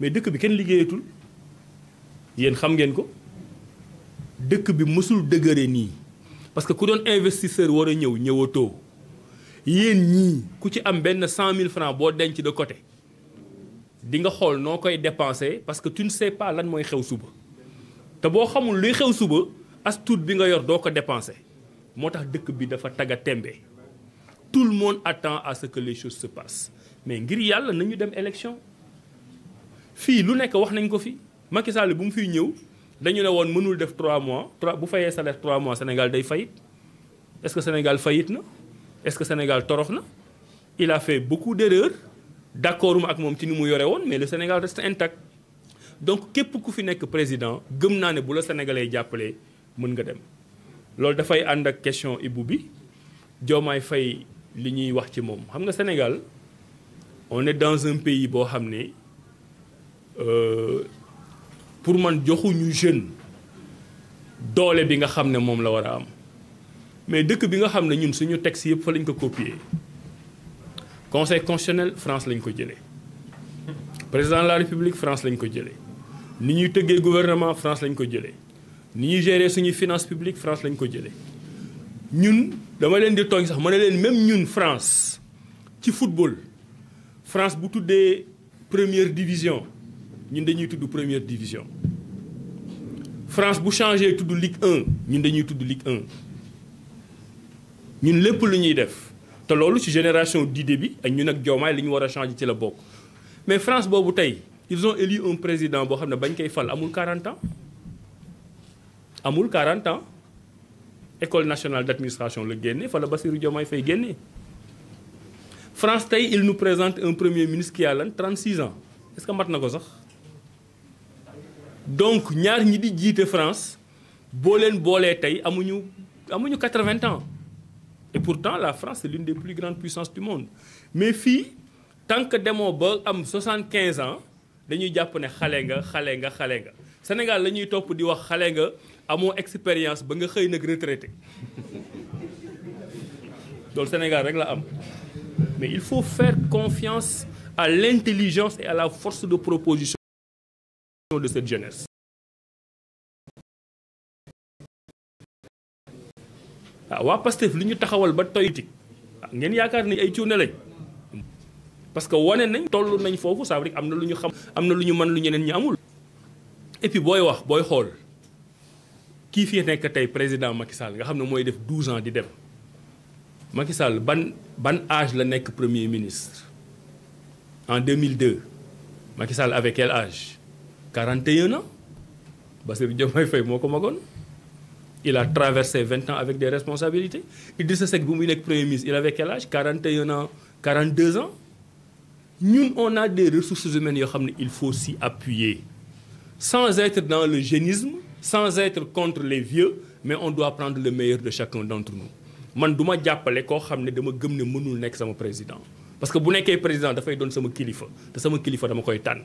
mais dëkk bi kenn liggéeyatul yéen xam ngeen ko dëkk bi mësul dëgëre nii parce que ku doon investisseur war a ñëw ñëwatoo yéen ñii ku ci am benn cent mille francs boo denc de côté di nga xool noo koy dépenser parce que tu ne sais lan mooy xew suba te boo xamul luy xew suba as tuut bi nga yor doo ko dépenser moo tax dëkk bi dafa tagga tembe tout le monde attend à ce que les choses se passent mais ngir yàlla na nañu dem élection fii lu nekk wax nañ ko fi Macky Sall bu mu fiy ñëw dañu ne woon mënul def 3 mois trois bu fayee salaire 3 mois Sénégal day fayit est-ce que Sénégal fayit na est-ce que Sénégal torox na il a fait beaucoup d'erreurs d'accord ak moom ci ni mu yore woon mais le Sénégal reste intact donc képp ku fi nekk président gëm naa ne bu la sénégalais jàppalee mën nga dem loolu dafay ànd ak question Ibou bi Diomaye fay li ñuy wax ci moom xam nga Sénégal on est dans un boo xam ne Euh, pour man joxuñu jeune doole bi nga xam ne moom la war a am mais dëkk bi nga xam ne ñun suñu texte yëpp fa lañ ko copier conseil constitutionnel France lañ ko jëlee président de la république France lañ ko jëlee ni ñuy tëggee gouvernement France lañ ko jëlee ni ñuy gérer suñuy finance publique France lañ ko jëlee ñun dama leen di tooñ sax ma ne leen même ñun France ci football France bu tuddee première division ñun dañuy tudd première division France bu changé tudd Ligue 1 ñun dañuy tudd Ligue 1 ñun lépp lu ñuy def te loolu ci génération d'idées bi ak ñun ak Diomaye li ñu war a changé ci la bokk mais France boobu tey ils ont élu un président boo xam ne bañ koy fal amul 40 ans amul 40 ans école nationale d'administration la génne fala la Bassirou Diomaye Faye génne France tey il nous présente un premier ministre qui a lan 36 ans est-ce que mat na ko sax donc ñaar ñi di jiite France boo leen boolee tey amuñu amuñu quatre-vingts ans et pourtant la France c'est l'une des plus grandes puissances du monde mais fii tant que demoo ba am quinze ans dañuy jàpp ne xale nga xale nga xale nga Sénégal la ñuy topp di wax xale nga amoo expérience ba nga xëy nag retraité loolu Sénégal rek la am mais il faut faire confiance à l'intelligence et à la force de proposition de cette jeunesse. waaw ah, waa Pastef lu ñu taxawal ba toyiti ah, ngeen yaakaar ni ay cuune lañ parce que wane nañ toll nañ foofu ça am na lu ñu xam am na lu ñu mën lu ñeneen ñi amul et booy wax booy xool kii fi nekk tey président Macky Sall nga xam ne mooy def 12 ans di dem Macky ban ban âge la nekk premier ministre en 2002 Macky Sall avait quel 41 ans Bassirou Diomaye Faye moo ko magoon il a traversé 20 ans avec des responsabilités Idrissa Seck bu muy nekk premier ministre il avait quel âge 41 ans 42 ans ñun on a des ressources humaines yoo xam ne il faut si appuyer sans être dans le génisme sans être contre les vieux mais on doit prendre le meilleur de chacun d'entre nous man du ma jàppale koo xam ne dama gëm ne mënul nekk sama président parce que bu nekkee président dafay doon sama kilifa sama kilifa dama koy tànn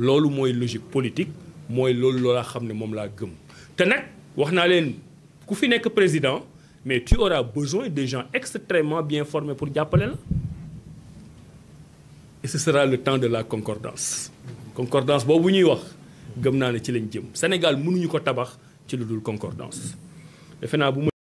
loolu mooy logique politique mooy loolu loola xam ne moom laa gëm te nag wax naa leen ku fi nekk président mais tu auras besoin des gens extrêmement bien formés pour jàppale la et ce sera le temps de la concordance concordance boobu ñuy wax gëm naa ne ci lañ jëm Sénégal mënuñu ko tabax ci lu dul concordance